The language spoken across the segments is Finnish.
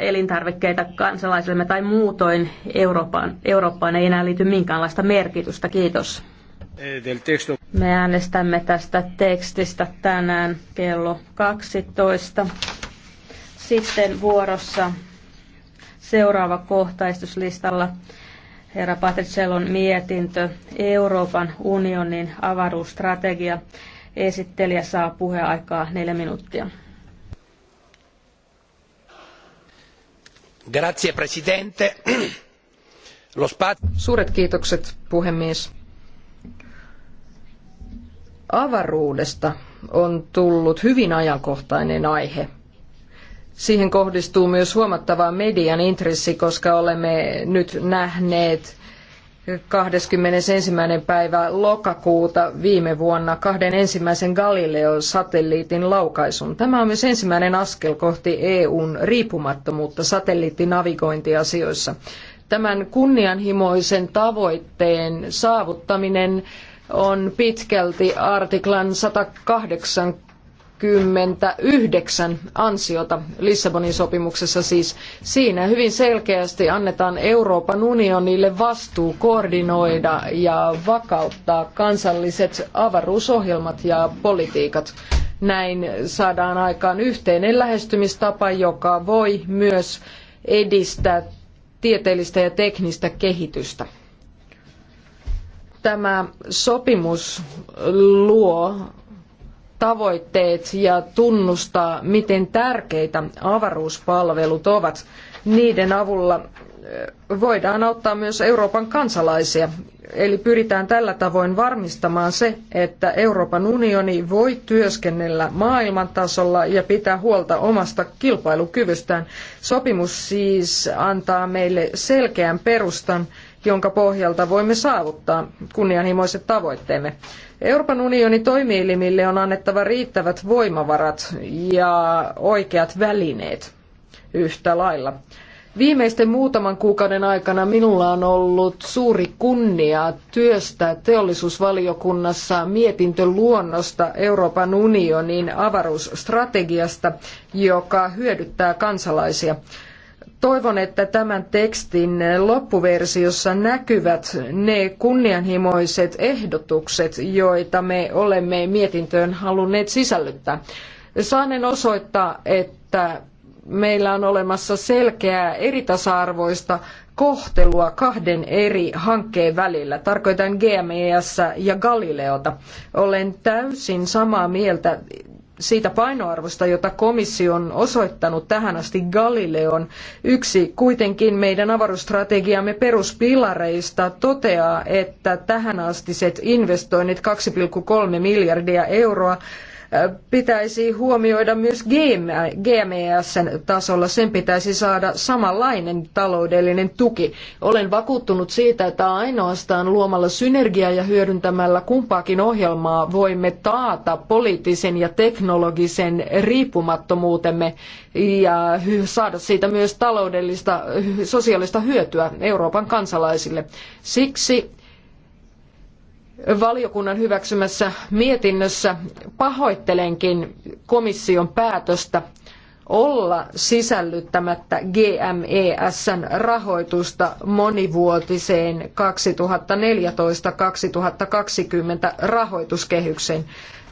elintarvikkeita kansalaisillemme tai muutoin Eurooppaan, Eurooppaan ei enää liity minkäänlaista merkitystä. Kiitos. Eh, Me äänestämme tästä tekstistä tänään kello 12. Sitten vuorossa seuraava kohtaistuslistalla herra Patricellon mietintö Euroopan unionin avaruusstrategia. Esittelijä saa puheaikaa neljä minuuttia. Grazie, presidente. Suuret kiitokset, puhemies. Avaruudesta on tullut hyvin ajankohtainen aihe. Siihen kohdistuu myös huomattavaa median intressi, koska olemme nyt nähneet 21. päivä lokakuuta viime vuonna kahden ensimmäisen Galileo-satelliitin laukaisun. Tämä on myös ensimmäinen askel kohti EUn riippumattomuutta satelliittinavigointiasioissa. Tämän kunnianhimoisen tavoitteen saavuttaminen on pitkälti artiklan 180 29 ansiota Lissabonin sopimuksessa siis. Siinä hyvin selkeästi annetaan Euroopan unionille vastuu koordinoida ja vakauttaa kansalliset avaruusohjelmat ja politiikat. Näin saadaan aikaan yhteinen lähestymistapa, joka voi myös edistää tieteellistä ja teknistä kehitystä. Tämä sopimus luo tavoitteet ja tunnustaa, miten tärkeitä avaruuspalvelut ovat. Niiden avulla voidaan auttaa myös Euroopan kansalaisia. Eli pyritään tällä tavoin varmistamaan se, että Euroopan unioni voi työskennellä maailman tasolla ja pitää huolta omasta kilpailukyvystään. Sopimus siis antaa meille selkeän perustan jonka pohjalta voimme saavuttaa kunnianhimoiset tavoitteemme. Euroopan unionin toimielimille on annettava riittävät voimavarat ja oikeat välineet yhtä lailla. Viimeisten muutaman kuukauden aikana minulla on ollut suuri kunnia työstää teollisuusvaliokunnassa mietintöluonnosta Euroopan unionin avaruusstrategiasta, joka hyödyttää kansalaisia toivon, että tämän tekstin loppuversiossa näkyvät ne kunnianhimoiset ehdotukset, joita me olemme mietintöön halunneet sisällyttää. Saanen osoittaa, että meillä on olemassa selkeää eritasa-arvoista kohtelua kahden eri hankkeen välillä. Tarkoitan GMES ja Galileota. Olen täysin samaa mieltä siitä painoarvosta, jota komissio on osoittanut tähän asti Galileon. Yksi kuitenkin meidän avaruusstrategiamme peruspilareista toteaa, että tähänastiset investoinnit 2,3 miljardia euroa pitäisi huomioida myös GMESn tasolla. Sen pitäisi saada samanlainen taloudellinen tuki. Olen vakuuttunut siitä, että ainoastaan luomalla synergiaa ja hyödyntämällä kumpaakin ohjelmaa voimme taata poliittisen ja teknologisen riippumattomuutemme ja saada siitä myös taloudellista, sosiaalista hyötyä Euroopan kansalaisille. Siksi valiokunnan hyväksymässä mietinnössä pahoittelenkin komission päätöstä olla sisällyttämättä GMESn rahoitusta monivuotiseen 2014-2020 rahoituskehykseen.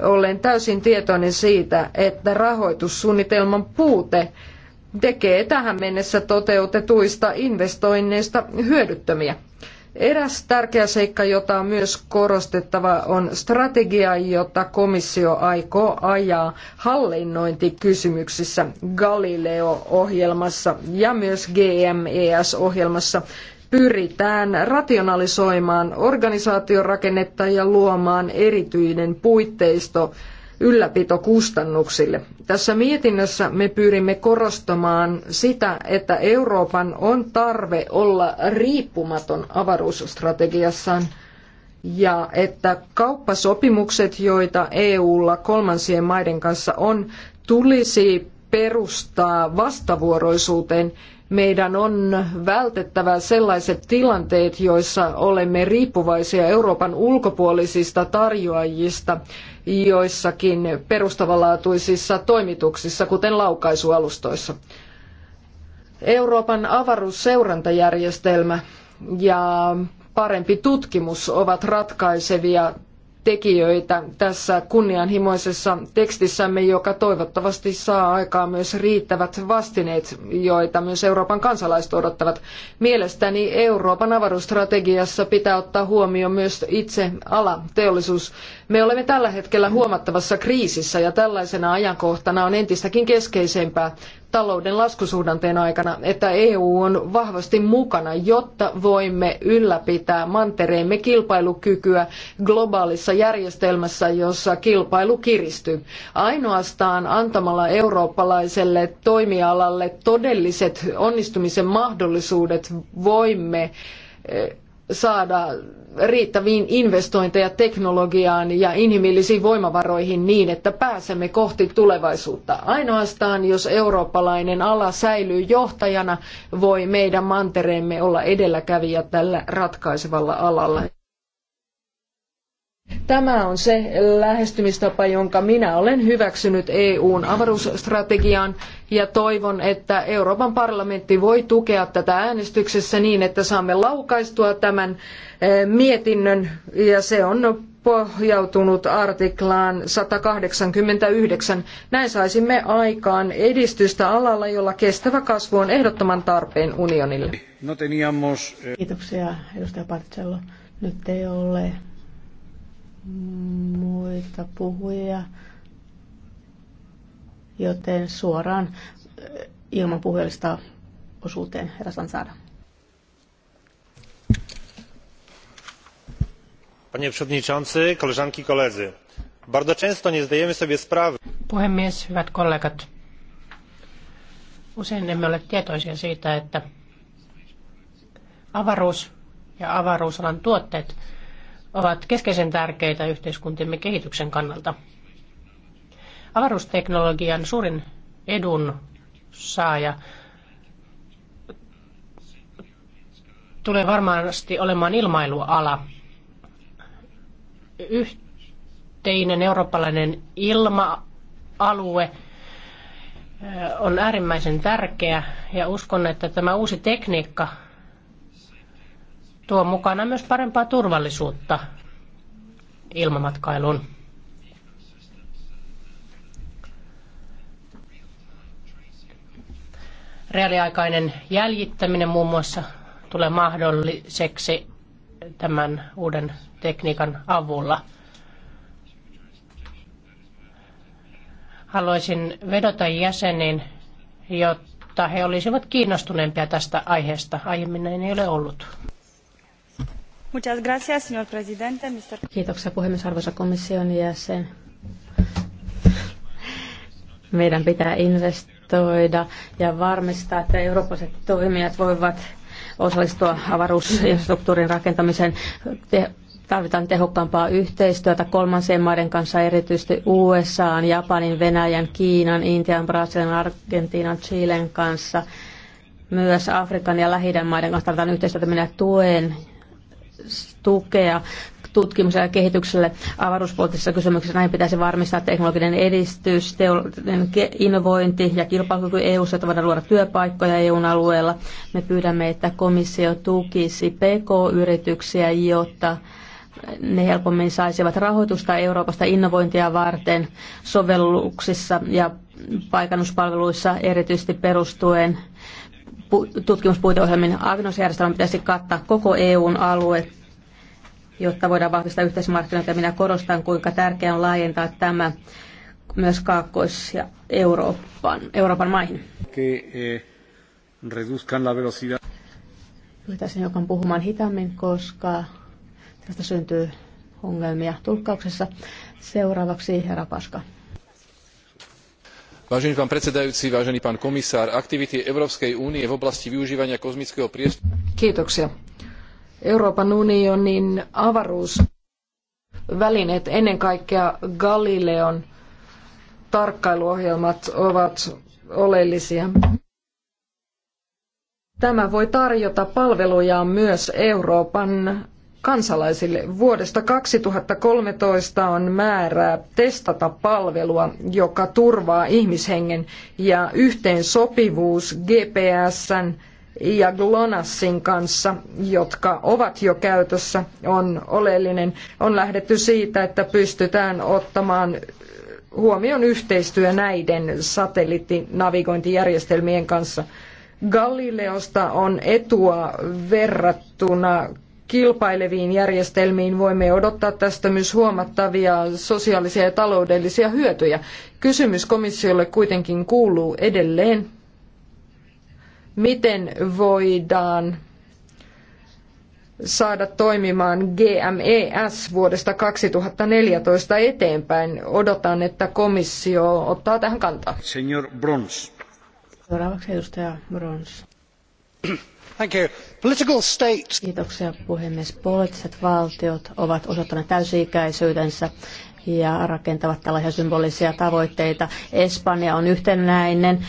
Olen täysin tietoinen siitä, että rahoitussuunnitelman puute tekee tähän mennessä toteutetuista investoinneista hyödyttömiä. Eräs tärkeä seikka, jota on myös korostettava, on strategia, jota komissio aikoo ajaa hallinnointikysymyksissä Galileo-ohjelmassa ja myös GMES-ohjelmassa pyritään rationalisoimaan organisaatiorakennetta ja luomaan erityinen puitteisto ylläpitokustannuksille. Tässä mietinnössä me pyrimme korostamaan sitä, että Euroopan on tarve olla riippumaton avaruusstrategiassaan ja että kauppasopimukset, joita EUlla kolmansien maiden kanssa on, tulisi perustaa vastavuoroisuuteen. Meidän on vältettävä sellaiset tilanteet, joissa olemme riippuvaisia Euroopan ulkopuolisista tarjoajista joissakin perustavanlaatuisissa toimituksissa, kuten laukaisualustoissa. Euroopan avaruusseurantajärjestelmä ja parempi tutkimus ovat ratkaisevia tekijöitä tässä kunnianhimoisessa tekstissämme, joka toivottavasti saa aikaan myös riittävät vastineet, joita myös Euroopan kansalaiset odottavat. Mielestäni Euroopan avaruusstrategiassa pitää ottaa huomioon myös itse ala, teollisuus. Me olemme tällä hetkellä huomattavassa kriisissä ja tällaisena ajankohtana on entistäkin keskeisempää talouden laskusuhdanteen aikana, että EU on vahvasti mukana, jotta voimme ylläpitää mantereemme kilpailukykyä globaalissa järjestelmässä, jossa kilpailu kiristyy. Ainoastaan antamalla eurooppalaiselle toimialalle todelliset onnistumisen mahdollisuudet voimme eh, saada riittäviin investointeja teknologiaan ja inhimillisiin voimavaroihin niin, että pääsemme kohti tulevaisuutta. Ainoastaan jos eurooppalainen ala säilyy johtajana, voi meidän mantereemme olla edelläkävijä tällä ratkaisevalla alalla. Tämä on se lähestymistapa, jonka minä olen hyväksynyt EUn avaruusstrategiaan ja toivon, että Euroopan parlamentti voi tukea tätä äänestyksessä niin, että saamme laukaistua tämän eh, mietinnön ja se on pohjautunut artiklaan 189. Näin saisimme aikaan edistystä alalla, jolla kestävä kasvu on ehdottoman tarpeen unionille. No eh, Kiitoksia, edustaja Parcello. Nyt ei ole muita puhujia, joten suoraan eh, ilman puhelista osuuteen herra Sansaada. Panie przewodniczący, koleżanki i koledzy. Bardzo często nie zdajemy sobie sprawy. Puhemies, hyvät kollegat. Usein emme ole tietoisia siitä, että avaruus ja avaruusalan tuotteet – ovat keskeisen tärkeitä yhteiskuntiemme kehityksen kannalta. Avaruusteknologian suurin edun saaja tulee varmasti olemaan ilmailuala. Yhteinen eurooppalainen ilma-alue äh, on äärimmäisen tärkeä ja uskon, että tämä uusi tekniikka tuo mukana myös parempaa turvallisuutta ilmamatkailuun. Reaaliaikainen jäljittäminen muun muassa tulee mahdolliseksi tämän uuden tekniikan avulla. Haluaisin vedota jäseniin, jotta he olisivat kiinnostuneempia tästä aiheesta. Aiemmin ei ole ollut. Kiitoksia puhemies, arvoisa komission jäsen. Meidän pitää investoida ja varmistaa, että eurooppalaiset toimijat voivat osallistua avaruusinfrastruktuurin rakentamiseen. Te- tarvitaan tehokkaampaa yhteistyötä kolmansien maiden kanssa, erityisesti USA, Japanin, Venäjän, Kiinan, Intian, Brasilian, Argentiinan, Chilen kanssa. Myös Afrikan ja lähi maiden kanssa tarvitaan yhteistyötä. Minä tuen tukea tutkimukselle ja kehitykselle avaruuspoliittisissa kysymyksissä. Näin pitäisi varmistaa teknologinen edistys, teollinen innovointi ja kilpailukyky eu että voidaan luoda työpaikkoja EUn alueella. Me pyydämme, että komissio tukisi PK-yrityksiä, jotta ne helpommin saisivat rahoitusta Euroopasta innovointia varten sovelluksissa ja paikannuspalveluissa erityisesti perustuen tutkimuspuiteohjelmin agnosjärjestelmä pitäisi kattaa koko EUn alue, jotta voidaan vahvistaa yhteismarkkinoita. Minä korostan, kuinka tärkeää on laajentaa tämä myös Kaakkois- ja Euroopan, Euroopan maihin. Eh, Pyytäisin jokan puhumaan hitaammin, koska tästä syntyy ongelmia tulkkauksessa. Seuraavaksi herra Paska vážený pán predsedajúci vážený pán komisár aktivity európskej únie v oblasti využívania kozmického priestoru. Kiitoksia. Euroopan avaruusvälineet, ennen kaikkea Galileon tarkkailuohjelmat ovat oleellisia. Tämä voi tarjota palvelujaan myös Euroopan kansalaisille. Vuodesta 2013 on määrää testata palvelua, joka turvaa ihmishengen ja yhteensopivuus GPSn ja GLONASSin kanssa, jotka ovat jo käytössä, on oleellinen. On lähdetty siitä, että pystytään ottamaan huomioon yhteistyö näiden satelliittinavigointijärjestelmien kanssa. Galileosta on etua verrattuna kilpaileviin järjestelmiin voimme odottaa tästä myös huomattavia sosiaalisia ja taloudellisia hyötyjä. Kysymys komissiolle kuitenkin kuuluu edelleen, miten voidaan saada toimimaan GMES vuodesta 2014 eteenpäin. Odotan, että komissio ottaa tähän kantaa. Brons. Seuraavaksi edustaja Brons. Thank you. Kiitoksia puhemies. Poliittiset valtiot ovat osoittaneet täysi-ikäisyytensä ja rakentavat tällaisia symbolisia tavoitteita. Espanja on yhtenäinen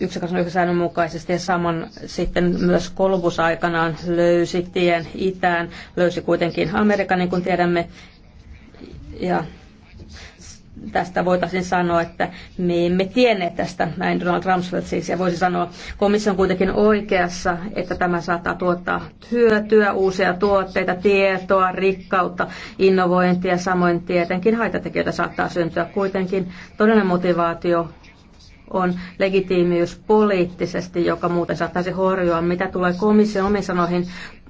129 säännön mukaisesti ja saman sitten myös Kolbus aikanaan löysi tien itään, löysi kuitenkin Amerikan, niin kuin tiedämme, ja tästä voitaisiin sanoa, että me emme tienneet tästä, näin Donald Rumsfeld siis, ja voisi sanoa, komissio on kuitenkin oikeassa, että tämä saattaa tuottaa hyötyä, uusia tuotteita, tietoa, rikkautta, innovointia, samoin tietenkin haitatekijöitä saattaa syntyä. Kuitenkin todellinen motivaatio on legitiimiys poliittisesti, joka muuten saattaisi horjua. Mitä tulee komission omiin sanoihin,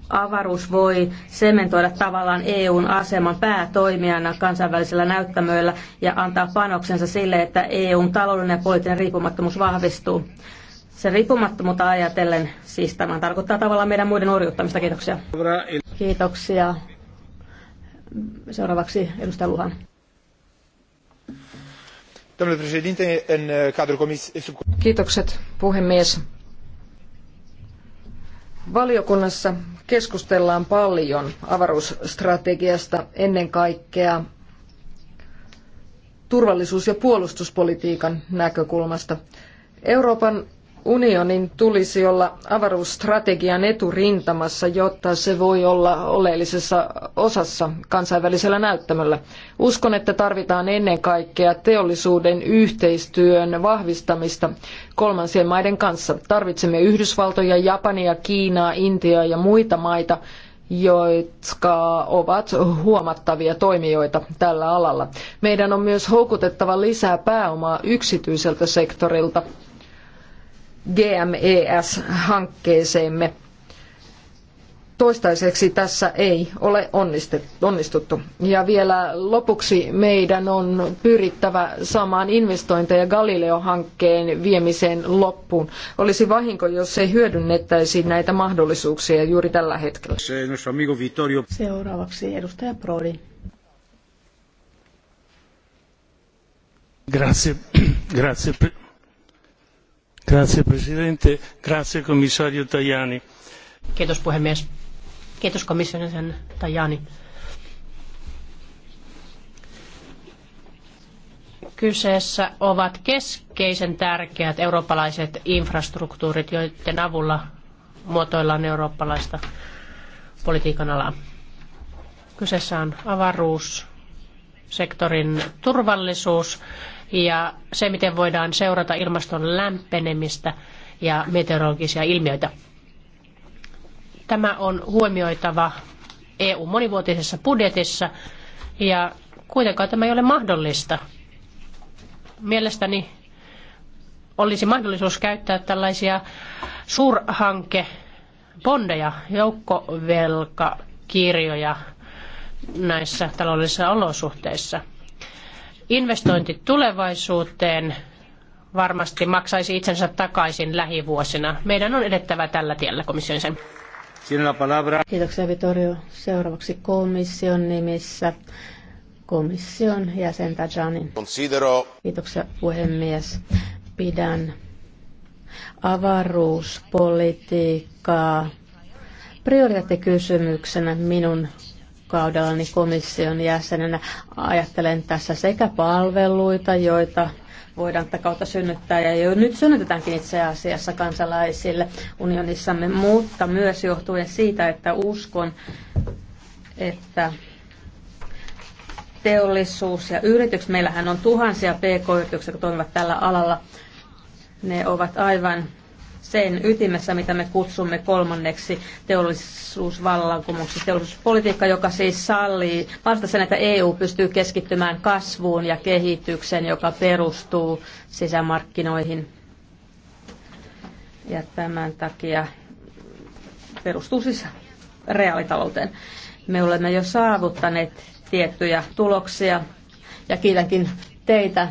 avaruus voi sementoida tavallaan EUn aseman päätoimijana kansainvälisillä näyttämöillä ja antaa panoksensa sille, että EUn taloudellinen ja poliittinen riippumattomuus vahvistuu. Sen riippumattomuutta ajatellen, siis tämä tarkoittaa tavallaan meidän muiden orjuttamista. Kiitoksia. Kiitoksia. Seuraavaksi edustaja Luhan. Kiitokset puhemies. Valiokunnassa keskustellaan paljon avaruusstrategiasta ennen kaikkea turvallisuus- ja puolustuspolitiikan näkökulmasta. Euroopan unionin tulisi olla avaruusstrategian eturintamassa, jotta se voi olla oleellisessa osassa kansainvälisellä näyttämöllä. Uskon, että tarvitaan ennen kaikkea teollisuuden yhteistyön vahvistamista kolmansien maiden kanssa. Tarvitsemme Yhdysvaltoja, Japania, Kiinaa, Intiaa ja muita maita, jotka ovat huomattavia toimijoita tällä alalla. Meidän on myös houkutettava lisää pääomaa yksityiseltä sektorilta GMES-hankkeeseemme. Toistaiseksi tässä ei ole onnistuttu. Ja vielä lopuksi meidän on pyrittävä saamaan investointeja Galileo-hankkeen viemiseen loppuun. Olisi vahinko, jos ei hyödynnettäisi näitä mahdollisuuksia juuri tällä hetkellä. Seuraavaksi edustaja Prodi. Grazie. Grazie. Grazie presidente, grazie commissario Tajani. Kiitos puhemies. Tajani. Kyseessä ovat keskeisen tärkeät eurooppalaiset infrastruktuurit, joiden avulla muotoillaan eurooppalaista politiikan alaa. Kyseessä on avaruussektorin turvallisuus ja se, miten voidaan seurata ilmaston lämpenemistä ja meteorologisia ilmiöitä. Tämä on huomioitava EU-monivuotisessa budjetissa ja kuitenkaan tämä ei ole mahdollista. Mielestäni olisi mahdollisuus käyttää tällaisia suurhanke bondeja, joukkovelkakirjoja näissä taloudellisissa olosuhteissa – investointi tulevaisuuteen varmasti maksaisi itsensä takaisin lähivuosina. Meidän on edettävä tällä tiellä komission sen. Kiitoksia Vitorio. Seuraavaksi komission nimissä komission jäsen Tajanin. Considero... Kiitoksia puhemies. Pidän avaruuspolitiikkaa prioriteettikysymyksenä minun kaudellani niin komission jäsenenä ajattelen tässä sekä palveluita, joita voidaan tätä kautta synnyttää ja jo nyt synnytetäänkin itse asiassa kansalaisille unionissamme, mutta myös johtuen siitä, että uskon, että teollisuus ja yritykset, meillähän on tuhansia pk-yrityksiä, jotka toimivat tällä alalla, ne ovat aivan sen ytimessä, mitä me kutsumme kolmanneksi teollisuusvallankumoukseksi. Teollisuuspolitiikka, joka siis sallii, vasta sen, että EU pystyy keskittymään kasvuun ja kehitykseen, joka perustuu sisämarkkinoihin. Ja tämän takia perustuu siis reaalitalouteen. Me olemme jo saavuttaneet tiettyjä tuloksia ja kiitänkin teitä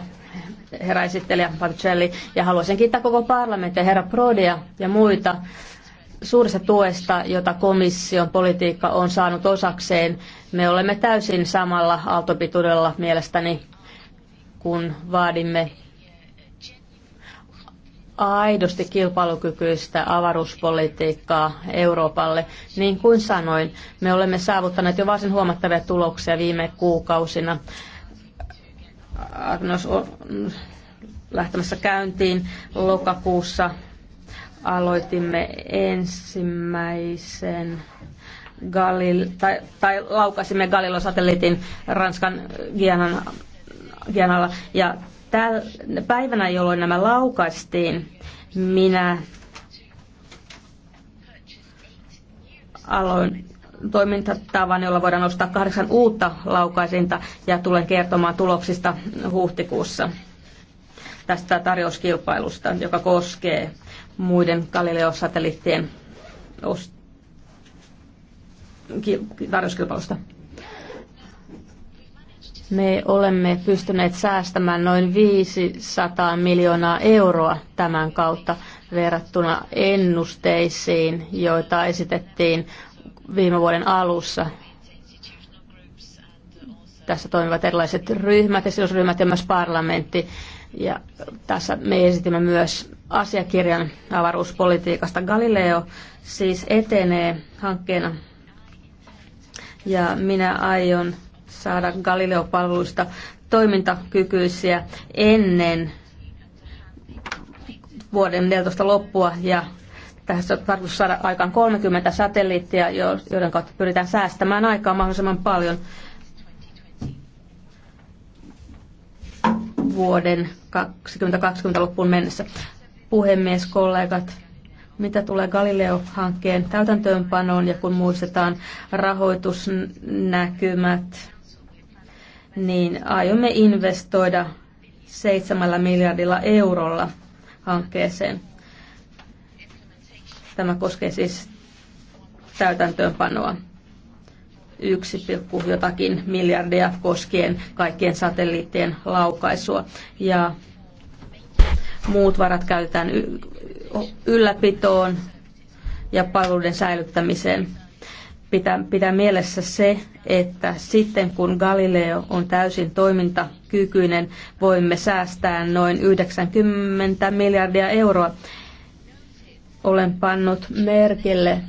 herra esittelijä Patricelli, ja haluaisin kiittää koko parlamenttia, herra Prodia ja muita suurista tuesta, jota komission politiikka on saanut osakseen. Me olemme täysin samalla aaltopituudella mielestäni, kun vaadimme aidosti kilpailukykyistä avaruuspolitiikkaa Euroopalle. Niin kuin sanoin, me olemme saavuttaneet jo varsin huomattavia tuloksia viime kuukausina Agnos on lähtemässä käyntiin lokakuussa. Aloitimme ensimmäisen Galil, tai, tai laukasimme galilo satelliitin Ranskan Gianan, Gianalla. Ja täl, päivänä, jolloin nämä laukaistiin, minä aloin toimintatavan, jolla voidaan nostaa kahdeksan uutta laukaisinta ja tulen kertomaan tuloksista huhtikuussa tästä tarjouskilpailusta, joka koskee muiden Galileo-satelliittien tarjouskilpailusta. Me olemme pystyneet säästämään noin 500 miljoonaa euroa tämän kautta verrattuna ennusteisiin, joita esitettiin viime vuoden alussa. Tässä toimivat erilaiset ryhmät, esitysryhmät ja myös parlamentti. Ja tässä me esitimme myös asiakirjan avaruuspolitiikasta. Galileo siis etenee hankkeena ja minä aion saada Galileo-palveluista toimintakykyisiä ennen vuoden 14 loppua ja tässä on tarkoitus saada aikaan 30 satelliittia, joiden kautta pyritään säästämään aikaa mahdollisimman paljon vuoden 2020 loppuun mennessä. Puhemies, kollegat, mitä tulee Galileo-hankkeen täytäntöönpanoon ja kun muistetaan rahoitusnäkymät, niin aiomme investoida seitsemällä miljardilla eurolla hankkeeseen. Tämä koskee siis täytäntöönpanoa 1, jotakin miljardia koskien kaikkien satelliittien laukaisua. Ja muut varat käytetään ylläpitoon ja palveluiden säilyttämiseen. Pitää, pitää mielessä se, että sitten kun Galileo on täysin toimintakykyinen, voimme säästää noin 90 miljardia euroa olen pannut merkille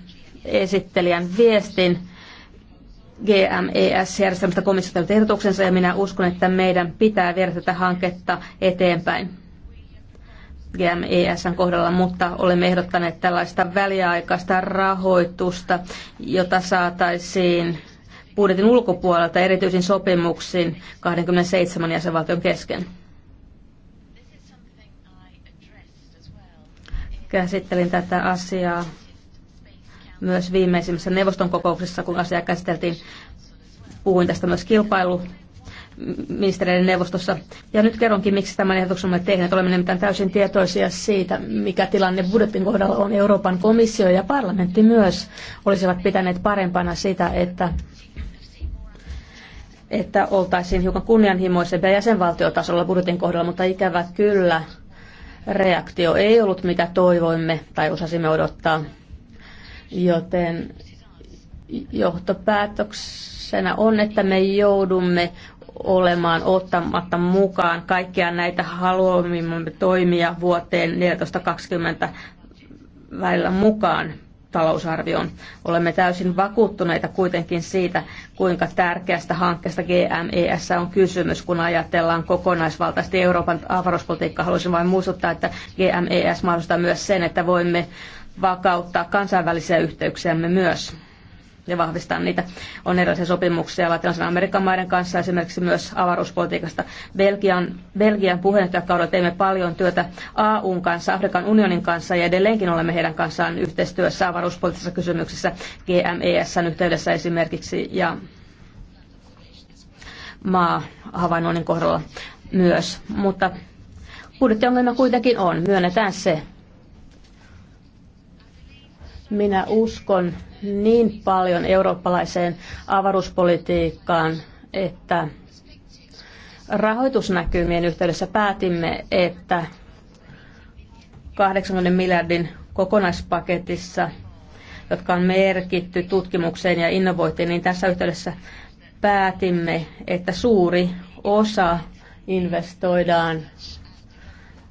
esittelijän viestin GMES-järjestelmästä komissiolta ehdotuksensa ja minä uskon, että meidän pitää viedä tätä hanketta eteenpäin. GMESn kohdalla, mutta olemme ehdottaneet tällaista väliaikaista rahoitusta, jota saataisiin budjetin ulkopuolelta erityisin sopimuksiin 27 jäsenvaltion kesken. Käsittelin tätä asiaa myös viimeisimmässä neuvoston kokouksessa, kun asiaa käsiteltiin. Puhuin tästä myös kilpailu ministereiden neuvostossa. Ja nyt kerronkin, miksi tämän ehdotuksen olemme tehneet. Olemme nimittäin täysin tietoisia siitä, mikä tilanne budjetin kohdalla on. Euroopan komissio ja parlamentti myös olisivat pitäneet parempana sitä, että että oltaisiin hiukan kunnianhimoisempia jäsenvaltiotasolla budjetin kohdalla, mutta ikävä kyllä Reaktio ei ollut mitä toivoimme tai osasimme odottaa, joten johtopäätöksenä on, että me joudumme olemaan ottamatta mukaan kaikkia näitä haluamimme toimia vuoteen 1420 välillä mukaan talousarvioon. Olemme täysin vakuuttuneita kuitenkin siitä, kuinka tärkeästä hankkeesta GMES on kysymys, kun ajatellaan kokonaisvaltaisesti Euroopan avaruuspolitiikkaa. Haluaisin vain muistuttaa, että GMES mahdollistaa myös sen, että voimme vakauttaa kansainvälisiä yhteyksiämme myös ja vahvistaa niitä. On erilaisia sopimuksia Latinalaisen Amerikan maiden kanssa, esimerkiksi myös avaruuspolitiikasta. Belgian, Belgian puheenjohtajakaudella teimme paljon työtä AUn kanssa, Afrikan unionin kanssa ja edelleenkin olemme heidän kanssaan yhteistyössä avaruuspolitiikassa kysymyksissä GMESn yhteydessä esimerkiksi ja maa-havainnoinnin kohdalla myös. Mutta budjettiongelma kuitenkin on, myönnetään se. Minä uskon niin paljon eurooppalaiseen avaruuspolitiikkaan, että rahoitusnäkymien yhteydessä päätimme, että 80 miljardin kokonaispaketissa, jotka on merkitty tutkimukseen ja innovointiin, niin tässä yhteydessä päätimme, että suuri osa investoidaan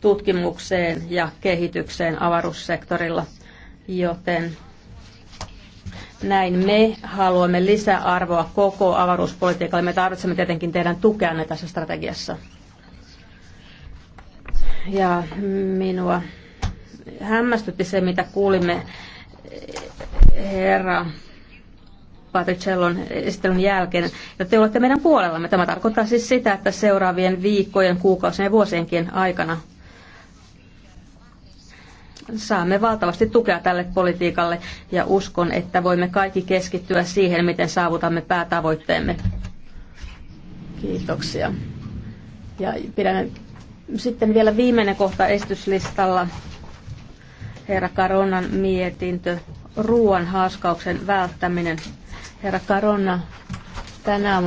tutkimukseen ja kehitykseen avaruussektorilla – joten näin me haluamme lisäarvoa koko avaruuspolitiikalle. Me tarvitsemme tietenkin teidän tukeanne tässä strategiassa. Ja minua hämmästytti se, mitä kuulimme herra Patricellon esittelyn jälkeen, että te olette meidän puolellamme. Tämä tarkoittaa siis sitä, että seuraavien viikkojen, kuukausien ja vuosienkin aikana saamme valtavasti tukea tälle politiikalle ja uskon, että voimme kaikki keskittyä siihen, miten saavutamme päätavoitteemme. Kiitoksia. Ja pidän sitten vielä viimeinen kohta esityslistalla. Herra Karonan mietintö, ruoan haaskauksen välttäminen. Herra Karonna, tänään